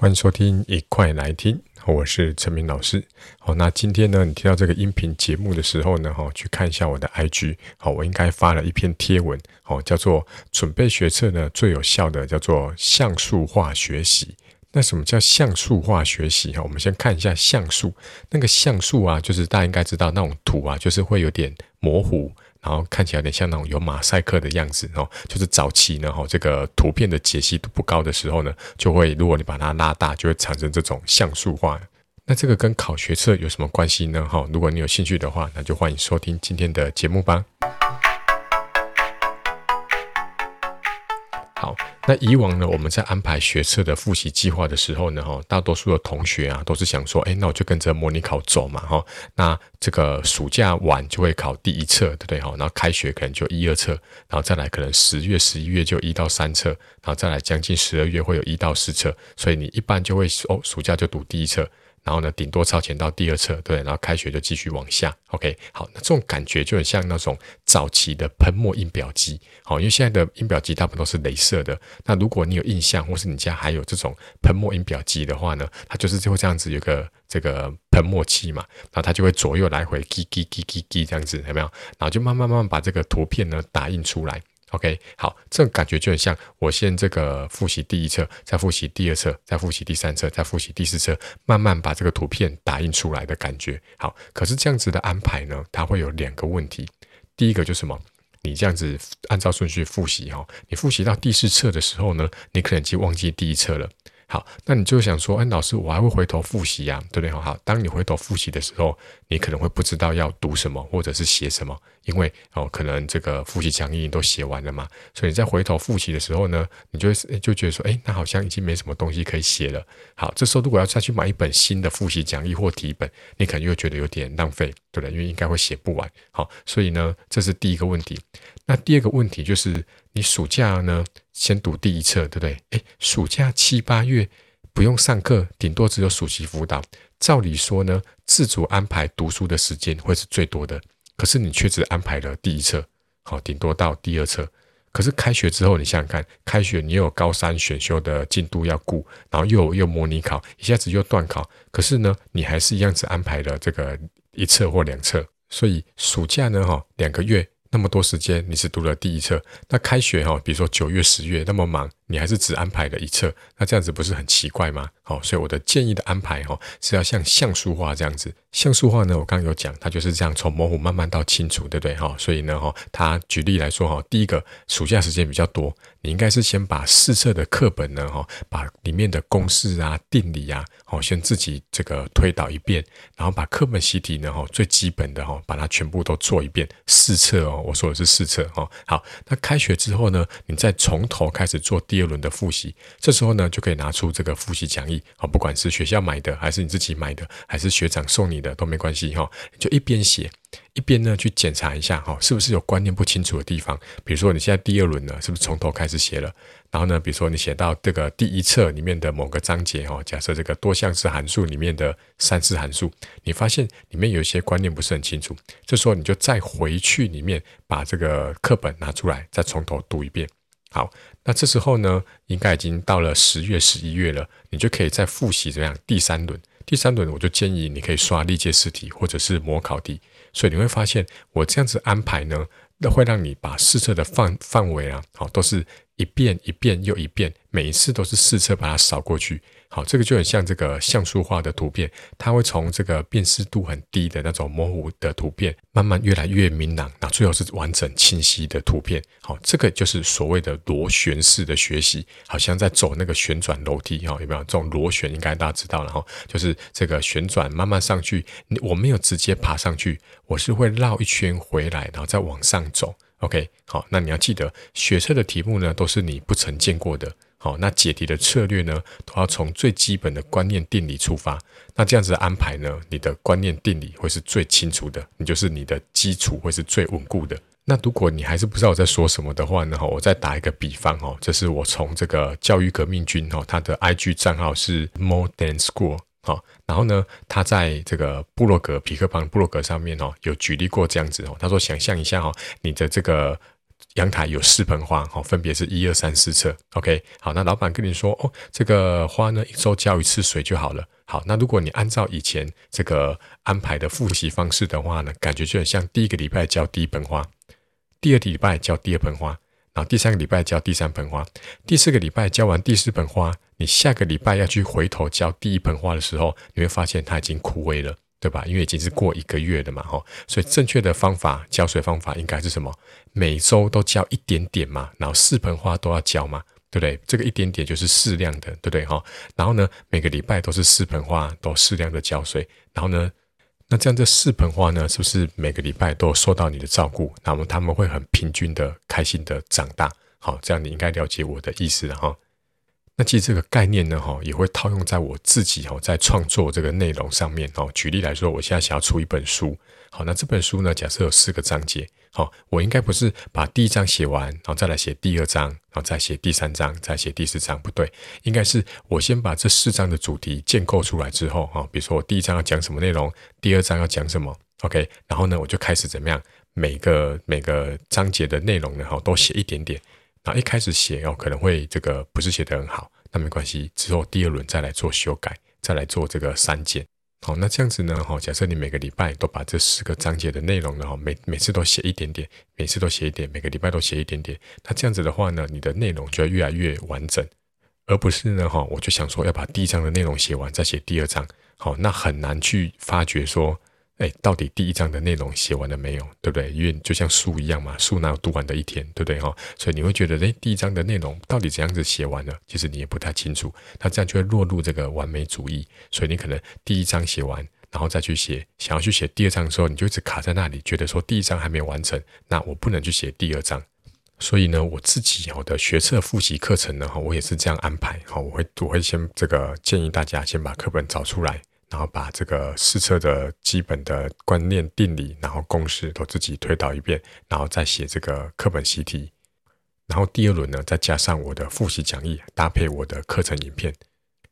歡迎收聽，一塊來聽，我是陳明老師。好，那今天呢，你聽到這個音頻節目的時候呢，去看一下我的 IG，好，我應該發了一篇貼文，好，叫做準備學測呢最有效的叫做像素化學習。那什麼叫像素化學習？哈，我們先看一下像素，那個像素啊，就是大家應該知道那種圖啊，就是會有點模糊。然後看起來有點像那種有馬賽克的樣子，哦，就是早期呢，哈，這個圖片的解析度不高的時候呢，就會，如果你把它拉大，就會產生這種像素化。那這個跟考學測有什麼關係呢？哈，如果你有興趣的話，那就歡迎收聽今天的節目吧。好，那以往呢，我們在安排學測的復習計劃的時候呢，哈，大多數的同學啊，都是想說，哎，那我就跟着模擬考走嘛，哈，那這個暑假完就會考第一冊，對不對，哈？然後開學可能就一、二冊，然後再來可能十月、十一月就一到三冊，然後再來將近十二月會有一到四冊，所以你一般就會哦，暑假就讀第一冊。然後呢，頂多超前到第二冊，對，然後開學就繼續往下，OK，好，那這種感覺就很像那種早期的噴墨印表機，好，哦，因為現在的印表機大部分都是鐳射的。那如果你有印象，或是你家還有這種噴墨印表機的話呢，它就是最後這樣子有個這個噴墨器嘛，然後它就會左右來回嘰嘰嘰嘰嘰嘰嘰這樣子，有沒有？然後就慢慢慢慢把這個圖片呢打印出來。OK，好，這感覺就很像我先這個複習第一冊，再複習第二冊，再複習第三冊，再複習第四冊，慢慢把這個圖片打印出來的感覺。好，可是這樣子的安排呢，它會有兩個問題。第一個就是什麼？你這樣子按照順序複習哈，你複習到第四冊的時候呢，你可能就忘記第一冊了。好，那你就想說，哎，老師，我還會回頭複習呀、啊，對不對？好，當你回頭複習的時候，你可能會不知道要讀什麼或者是寫什麼，因為哦，可能這個複習講義都寫完了嘛，所以你在回頭複習的時候呢，你就會、欸、就覺得說，哎、欸，那好像已經沒什麼東西可以寫了。好，這時候如果要再去買一本新的複習講義或題本，你可能又覺得有點浪費，對不對？因為應該會寫不完。好，所以呢，這是第一個問題。那第二個問題就是。你暑假呢，先讀第一冊，對不對？哎，暑假七八月不用上課，頂多只有暑期輔導。照理說呢，自主安排讀書的時間會是最多的。可是你卻只安排了第一冊，好、哦，頂多到第二冊。可是開學之後，你想想看，開學你又有高三選修的進度要顧，然後又有又模擬考，一下子又段考。可是呢，你還是一樣只安排了這個一冊或兩冊。所以暑假呢，哦，兩個月。那麼多時間，你只讀了第一冊？那開學哈、哦，比如說九月、十月，那麼忙，你還是只安排了一冊？那這樣子不是很奇怪嗎？哦，所以我的建議的安排哦，是要像像素化這樣子，像素化呢，我剛剛有講，它就是這樣從模糊慢慢到清楚，對不對哈、哦？所以呢、哦、它舉例來說哈、哦，第一個暑假時間比較多，你應該是先把四冊的課本呢哈、哦，把裡面的公式啊、定理啊，好、哦，先自己這個推導一遍，然後把課本習題呢、哦、最基本的哈、哦，把它全部都做一遍。四冊哦，我說的是四冊哦。好，那開學之後呢，你再從頭開始做第二輪的複習，這時候呢就可以拿出這個複習講義。好、哦，不管是學校買的，還是你自己買的，還是學長送你的，都沒關係哈、哦。就一邊寫，一邊呢去檢查一下哈、哦，是不是有觀念不清楚的地方。比如說你現在第二輪了，是不是從頭開始寫了？然後呢，比如說你寫到這個第一冊裡面的某個章節哈、哦，假設這個多項式函數裡面的三次函數，你發現裡面有一些觀念不是很清楚，這時候你就再回去裡面把這個課本拿出來，再從頭讀一遍。好，那這時候呢，應該已經到了十月、十一月了，你就可以再複習怎樣第三輪。第三輪我就建議你可以刷歷屆試題或者是模考題，所以你會發現我這樣子安排呢，那會讓你把學測的範範圍啊，好、哦，都是一遍一遍又一遍，每一次都是學測把它掃過去。好，這個就很像這個像素化的圖片，它會從這個辨識度很低的那種模糊的圖片，慢慢越來越明朗，那最後是完整清晰的圖片。好，這個就是所謂的螺旋式的學習，好像在走那個旋轉樓梯哈，有沒有這種螺旋？應該大家知道，然後就是這個旋轉慢慢上去，我沒有直接爬上去，我是會繞一圈回來，然後再往上走。OK，好，那你要記得，學測的題目呢，都是你不曾見過的。好、哦，那解題的策略呢，都要從最基本的觀念定理出發。那這樣子安排呢，你的觀念定理會是最清楚的，你就是你的基礎會是最穩固的。那如果你還是不知道我在說什麼的話呢，哦、我再打一個比方哦，這是我從這個教育革命軍哦，他的 IG 賬號是 More Than School，好、哦，然後呢，他在這個部落格皮克旁部落格上面哦，有舉例過這樣子哦，他說，想象一下哦，你的這個。陽臺有四盆花，哦，分別是一二三四冊，OK。好，那老闆跟你說，哦，這個花呢，一周澆一次水就好了。好，那如果你按照以前這個安排的複習方式的話呢，感覺就很像第一個禮拜澆第一盆花，第二禮拜澆第二盆花，然後第三個禮拜澆第三盆花，第四個禮拜澆完第四盆花，你下個禮拜要去回頭澆第一盆花的時候，你會發現它已經枯萎了。對吧？因為已經是過一個月了嘛，吼，所以正確的方法澆水方法應該是什麼？每周都澆一點點嘛，然後四盆花都要澆嘛，對不對？這個一點點就是適量的，對不對？哈，然後呢，每個禮拜都是四盆花都適量的澆水，然後呢，那這樣的四盆花呢，是不是每個禮拜都受到你的照顧？那麼他們會很平均的、開心的長大。好，這樣你應該了解我的意思了哈。那其實這個概念呢，也會套用在我自己在創作這個內容上面哦。舉例來說，我現在想要出一本書，好，那這本書呢，假設有四個章節，我應該不是把第一章寫完，然後再來寫第二章，然後再寫第三章，再寫第四章，不對，應該是我先把這四章的主題建構出來之後，比如說我第一章要講什麼內容，第二章要講什麼，OK，然後呢，我就開始怎麼樣，每個每個章節的內容呢，好，都寫一點點。那一開始寫哦，可能會這個不是寫得很好，那沒關係，之後第二輪再來做修改，再來做這個刪減。好，那這樣子呢，哈，假設你每個禮拜都把這十個章節的內容呢，哈，每每次都寫一點點，每次都寫一點，每個禮拜都寫一點點，那這樣子的話呢，你的內容就會越來越完整，而不是呢，哈，我就想說要把第一章的內容寫完再寫第二章，好，那很難去發覺說。哎，到底第一章的內容寫完了沒有？對不對？因為就像書一樣嘛，書哪有讀完的一天，對不對哈？所以你會覺得，哎，第一章的內容到底怎樣子寫完了？其實你也不太清楚。那這樣就會落入這個完美主義。所以你可能第一章寫完，然後再去寫，想要去寫第二章的時候，你就一直卡在那裡，覺得說第一章還沒有完成，那我不能去寫第二章。所以呢，我自己有的學測複習課程呢，哈，我也是這樣安排。我會我會先這個建議大家先把課本找出來。然後把這個試測的基本的觀念、定理，然後公式都自己推導一遍，然後再寫這個課本習題。然後第二輪呢，再加上我的復習講義，搭配我的課程影片。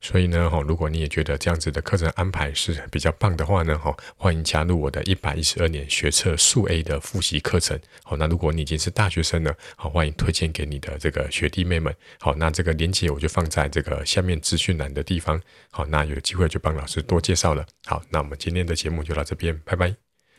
所以呢，好，如果你也覺得這樣子的課程安排是比較棒的話呢，好，歡迎加入我的一百一十二年學測數 A 的複習課程。好，那如果你已經是大學生了，好，歡迎推薦給你的這個學弟妹們。好，那這個連結我就放在這個下面資訊欄的地方。好，那有機會就幫老師多介紹了。好，那我們今天的節目就到這邊，拜拜。